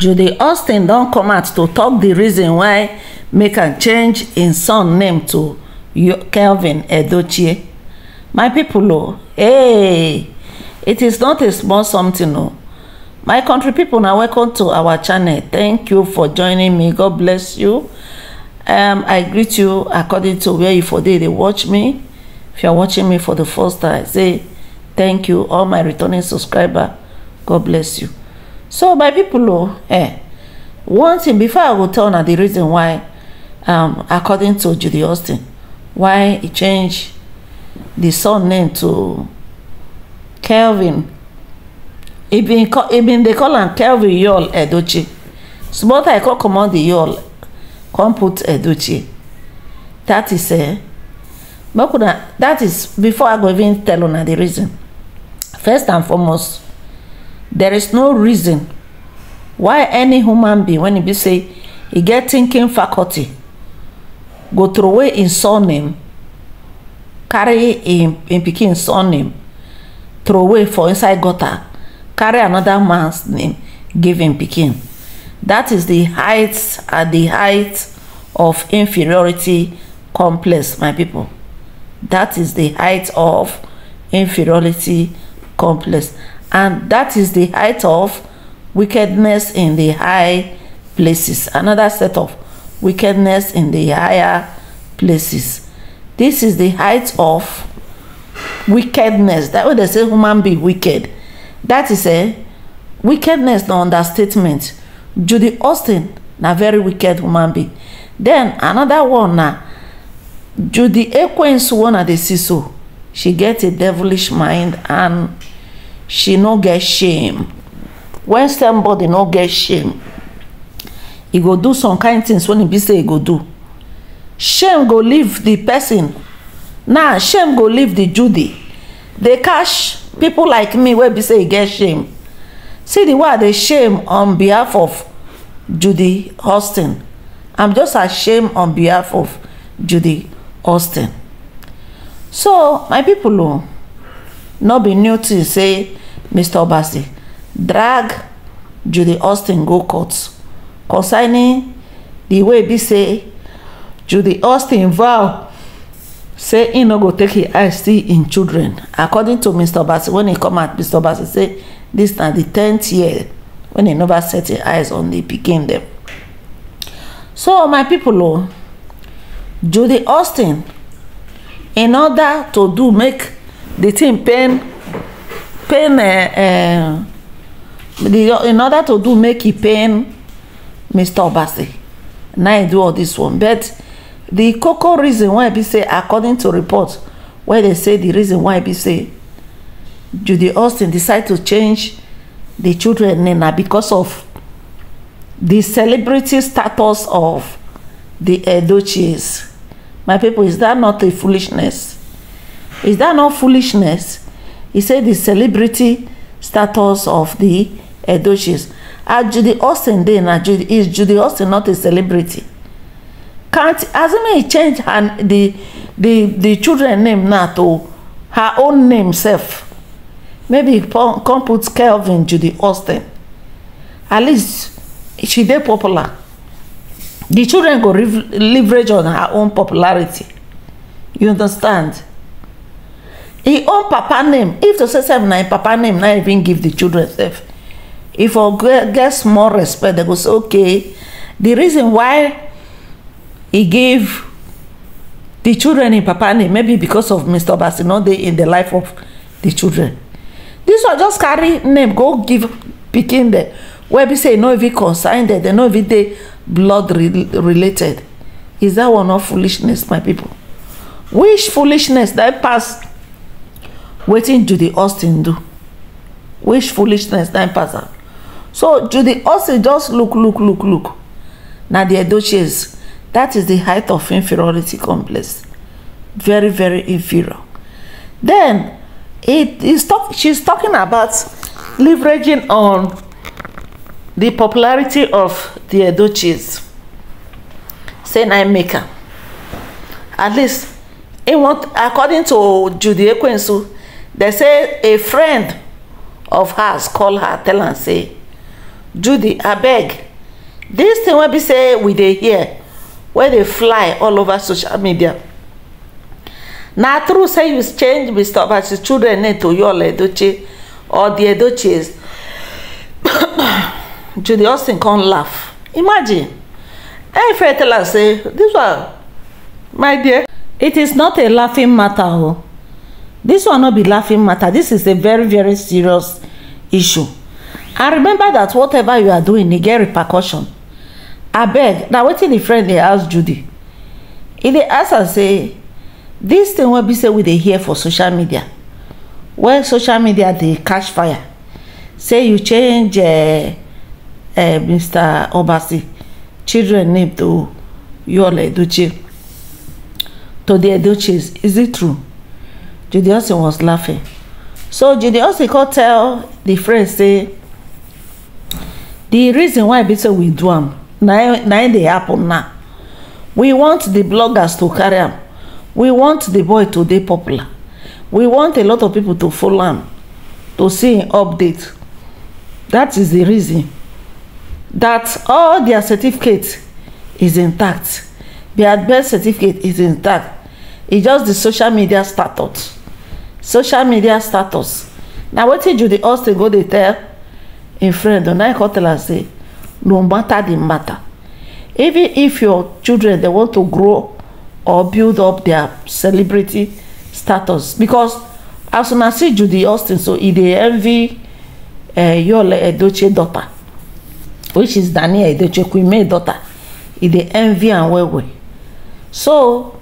Jude austin don come out to talk. The reason why make am change im son name to kelvin edochie my people. o hey it is not a small something o my country people na welcome to our channel thank you for joining me god bless you um i greet you according to where you for dey dey watch me if you are watching me for the first time say thank you all my returning subscriber god bless you so my people o oh, eh one thing before i go tell na the reason why um according to judy austin why he change the son name to kelvin He been call e bin dey call am kelvin yul edochie small time come comot the yul come put edochie that is eh make una that is before i go even tell una the reason first and foremost there is no reason why any human being when e be say e get thinking faculty go throw throway im surname carry im pikin surname away for inside gutter carry another man's name give im pikin that is the height at the height of inferiority complex my people that is the height of inferiority complex and that is the height of wickedness in the high places another set of wickedness in the higher places this is the height of wickedness that way they say human be wicked that is a wickedness na understatement judy austin na very wicked woman be then another one na judy ekwensu one i dey see so she get a devilish mind and she no get shame when somebody no get shame e go do some kind things When e be say e go do shame go leave the person now nah, shame go leave the judy dey catch people like me wey be say e get shame see the way i dey shame on behalf of judy austin i'm just ashamed on behalf of judy austin so my people o oh, no be new thing say Mr. Obasi drag Judy Austin go court concerning the way be say Judy Austin vow say he no go take him eye see him children according to Mr. Obasi when he come out Mr. Obasi say this na the tenth year when he never set his eyes on the pikin dem so my people o oh, Judy Austin in order to do make the thing pain pain uh, uh, in order to do make e pain mr obasi na e do all this one but the koko reason why be say according to report wey dey say the reason why be say judy austin decide to change the children name na because of the celebrity status of the edochies my people is that not a foolishness is that not foolishness He said the celebrity status of the Edo chiefs. Judy Austin then? Is Judy Austin not a celebrity? Can't hasn't he changed her, the the the children name now to her own name self? Maybe come put Kelvin Judy Austin. At least she dey popular. The children go leverage on her own popularity. You understand? him own papa name if to say sef na him papa name na even give the children sef if for get small respect dem go say okay the reason why he give the children him papa name maybe because of mr obasi no dey in the life of the children this one just carry name go give pikin dem wey be say e no even concern dem dem no even dey blood related is that one not foolishness my people which foolishness that pass wetin judy austin do which foolishness na pass am so judy austin just look look look look na the edochies that is the height of inferiority complex very very inferior then it is talk she's talking about leveraging on the popularity of the edochies say na im make at least im want according to judy ekwensu they say a friend of hers call her tell am say judy abeg this thing wey be say we dey hear wey dey fly all over social media na true say you change mr obasi children name to yola edoche or di edoches judy austin come laugh imagine efere tell am say this one my dear it is not a laughing matter o oh this one no be laughing matter this is a very very serious issue and remember that whatever you are doing e get repercussion abeg na wetin the friend dey ask judy e dey ask am say this thing wey be say we dey hear for social media when social media dey catch fire say you change uh, eh, uh, eh, mr obasi children name to yul edochie to the edochies is it true judy was laughing so judy osin tell the friend say the reason why be say we do am now im e dey happen now we want the bloggers to carry am we want the boy to be popular we want a lot of people to follow him, to see im update That is the reason that all their certificate is intact their birth certificate is intact e just the social media startup social media status na wetin judy austin go dey tell im friend on nine tell am say no matter the matter even if your children dey want to grow or build up their celebrity status because as una see judy austin so e dey envy eh, yole edoche daughter which is daniel edoche queen daughter e dey envy am well well so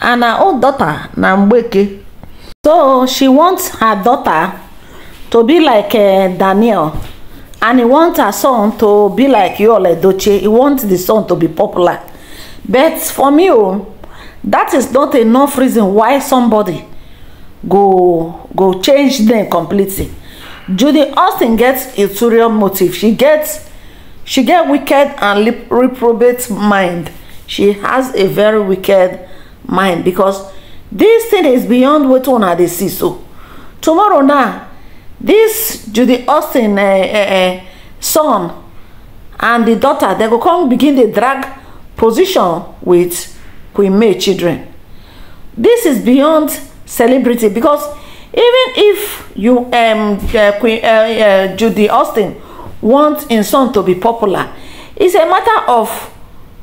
and her own daughter na mgbeke so she wants her daughter to be like uh, daniel and he wants her son to be like yul edochie he wants the son to be popular but for me o oh, that is not enough reason why somebody go go change them completely judy austin gets ulterior motive she gets, she get wicked and reprobate mind she has a very wicked mind because This thing is beyond what una dey see so tomorrow now this judy austin eh, eh, eh, son and the daughter they go come begin the drag position with queen may children This is beyond celebrity because even if you um, queen judy austin want in son to be popular it's a matter of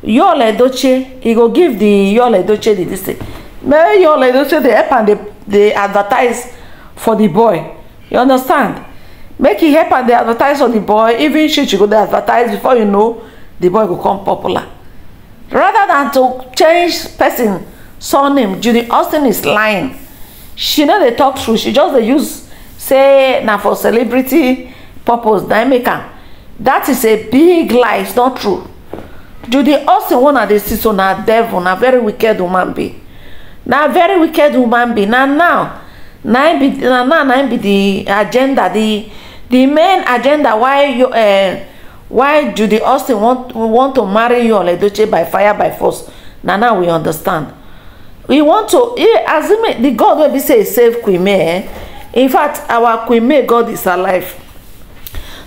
yole doche he go give di yole doche the dis thing make your lady say dey help and dey dey advertise for the boy you understand make e help and dey advertise for the boy even she she go dey advertise before you know the boy go come popular rather than to change person surname judy austin is lying she know they talk through. she just dey use say now for celebrity purpose na make am that is a big lie it's not true judy austin one of the see so devil na very wicked woman being na very wicked woman be na now na im be na now na im be the agenda the the main agenda why you uh, why judy austin want want to marry you oledoche by fire by force na now we understand we want to as the god wey be say save queen may eh in fact our queen may god is alive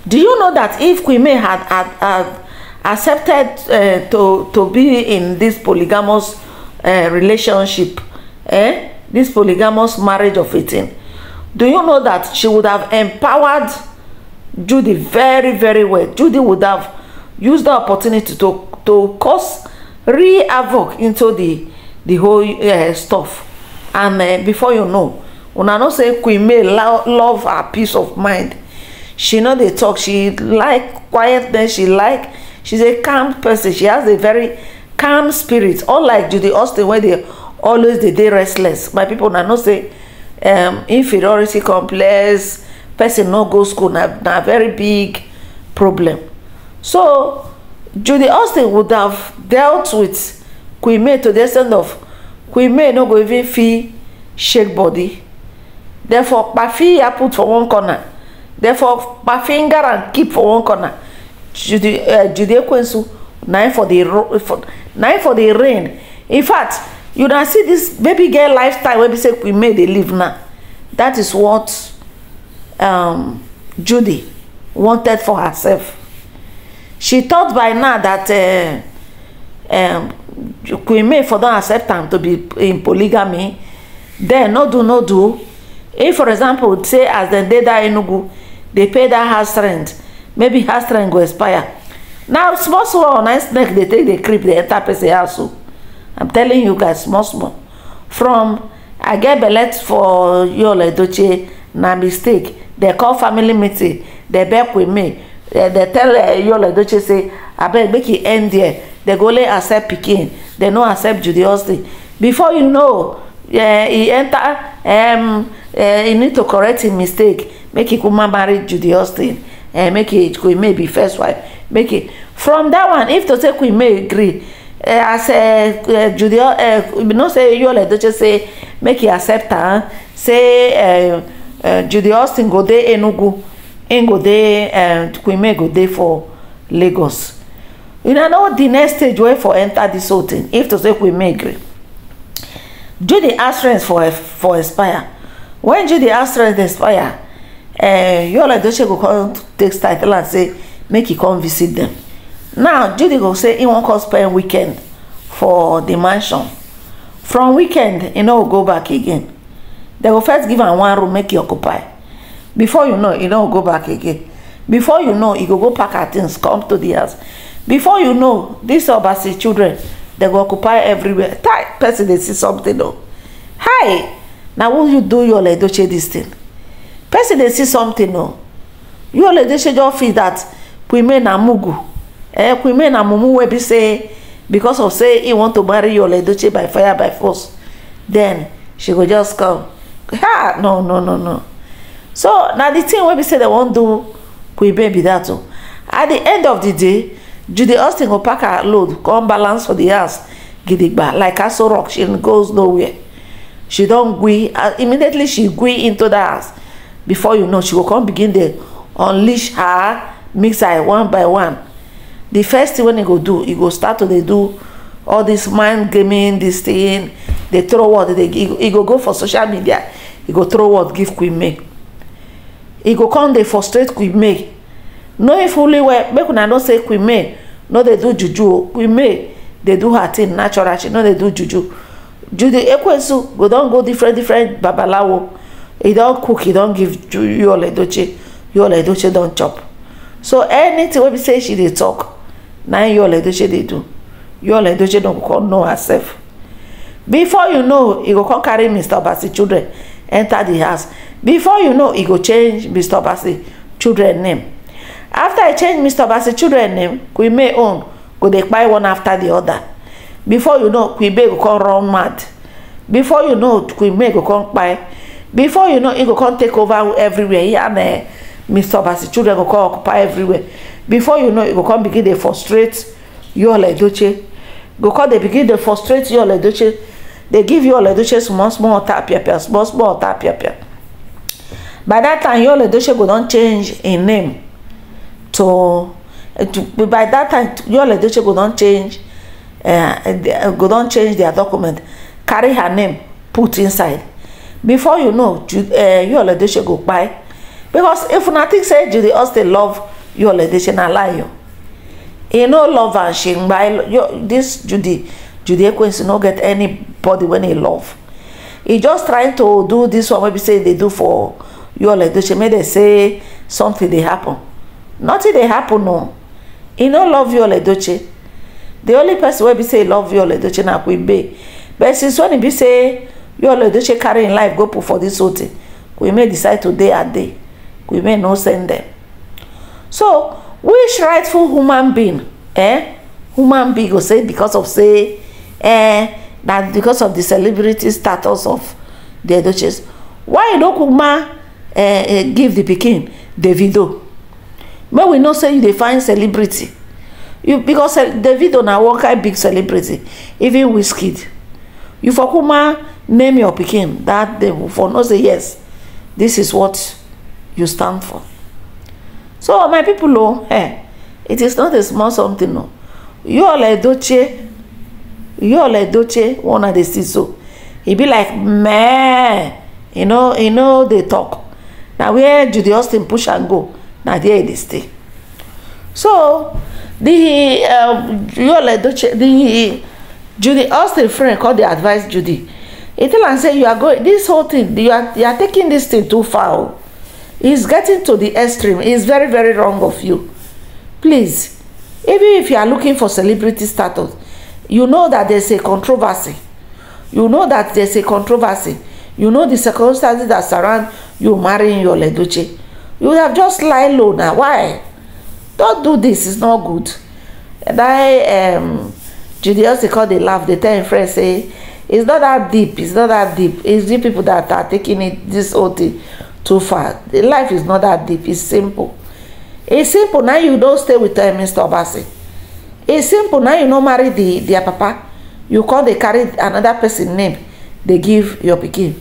do you know that if queen may had had, had accepted uh, to to be in this polygamous uh, relationship eh this polygamous marriage of 18 do you know that she would have empowered judy very very well judy would have used the opportunity to to cause re havoc into the the whole uh, stuff and uh, before you know when I know say queen may lo love her peace of mind she know dey talk she like quietness she like she's a calm person she has a very calm spirit unlike judy austin where dey always dey dey restless my people na know say um, inferiority complex person no go school na na very big problem so judy austin would have dealt with queen may to the extent of queen may no go even fit shake body therefore kpafi ya put for one corner therefore kpafi ngara keep for one corner judy uh, judy ekwensu na for the na for the rain in fact you na see this baby girl lifestyle wey be say we may dey live now that is what um, judy wanted for herself she thought by now that uh, um, queen may for don accept am to be in polygamy then no do no do if for example say as dem dey dat enugu dey pay that house rent maybe house rent go expire now small small na snake dey take dey creep dey enter person house o. Oh. So i'm telling you guys small small from i get belle for yola doche na mistake they call family meeting they back with me they, they tell uh, eh, yul edochie say abeg make it e end there they go only accept pikin they no accept judy before you know yeah, he enter um, uh, he need to correct him mistake make he kuma marry judy austin uh, eh, make e he queen may be first wife make he from that one if to say queen may gree Eh, as eh, eh, judeo you know say yule just say make e accept am say judeo austin go dey enugu im go dey kwime go dey for lagos you know di next stage wey for enter dis whole thing if to say kwime gree judy assurance for for expire When do judy assurance expire yule just go come take style tell am say make e come visit dem now judy go say he wan come spend weekend for the mansion from weekend e no go back again They go first give am one room make e occupy before you know e no go back again before you know e go go pack her things come to the house before you know these obasi children they go occupy everywhere type person dey see something o oh. hi na who you do your edoche this thing person dey see something o oh. your edoche just feel that we women na mugu eh, queen may na mumu wey be say because of say he want to marry your ledoche by fire by force then she go just come ha no no no no so na the thing wey be say they wan do queen may be that o oh. at the end of the day judy austin go pack her load come balance for the house gidigba like castle rock she goes nowhere she don gui immediately she gwee into the house before you know she go come begin dey unleash her mix one by one the first thing wey e go do e go start to dey do all this mind gaming this thing dey throw word e go go for social media e go throw word give queen may e go come dey frustrate queen may knowing fully well make una know say queen may no dey do juju o queen may dey do her thing natural she no dey do juju judy ekwesu go don go different different babalawo He don cook He don give yul edoche yul edoche don chop so anything wey be say she dey talk Nine im your she dey do your ledoche don come know herself before you know e go come carry mr obasi children enter the house before you know e go change mr obasi children name after e change mr obasi children name queen may own go dey kpai one after the other before you know queen may go come run mad before you know queen may go come kpai before you know e go come take over everywhere and eh mr obasi children go come occupy everywhere before you know e go come begin dey frustrate your edoche go come dey begin dey frustrate your edoche dey give your edoche small small water piapia small small water piapia by that time your edoche go don change im name to to by that time your edoche go don change uh, go don change their document carry her name put inside before you know uh, eh, yul edoche go kpai because if una think say judy austin love you holiday ṣe na layo he no love and she ngba this judy judy ekwensu no get anybody wey he love he just trying to do this one wey be say he dey do for you holiday she make dem say something dey happen nothing dey happen no he no love you oledoche the only person wey be say he love you oledoche na queen bey but since when e be say you oledoche carry him life go put for this whole thing queen may decide to dey her day queen may no send them so which rightful human being eh human being go say because of say eh na because of the celebrity status of the edoches why you no kuma eh, eh, give the pikin davido make we know say you dey find celebrity you because uh, davido na one kind big celebrity even wizkid you for kuma name your pikin that day for know say yes this is what you stand for so my people oh eh it is not a small something no you all edoche you all edoche one of the see so e be like man, you know, you know dey talk Now where judy austin push and go Now there they stay so the um, you all the judy austin friend called the advice judy e tell am say you are going this whole thing you are you are taking this thing too far o oh. It's getting to the extreme. It's very, very wrong of you. Please, even if you are looking for celebrity status, you know that there's a controversy. You know that there's a controversy. You know the circumstances that surround you marrying your Leduce. You have just lie low now. Why? Don't do this. It's not good. And I, um, Judeus, they call they laugh. They tell friends, say, it's not that deep. It's not that deep. It's the people that are taking it, this whole thing too far The life is not that deep it's simple it's simple now you don't stay with uh, mr obasi it's simple now you don't marry the their papa you call they carry another person name They give your pikin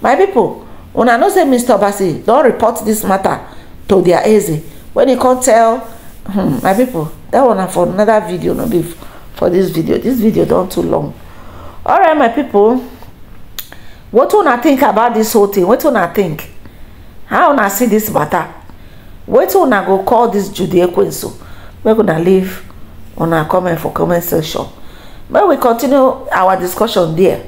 my people when I know say mr obasi don't report this matter to their eze when you come tell hmm, my people that one for another video Not be for this video this video don't too long All right, my people What do I think about this whole thing What do I think how una see this matter wetin una go call dis judy ekwensu make una leave una comment for comment section make we continue our discussion there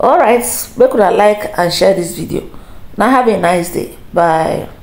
All right. make una like and share this video Now have a nice day bye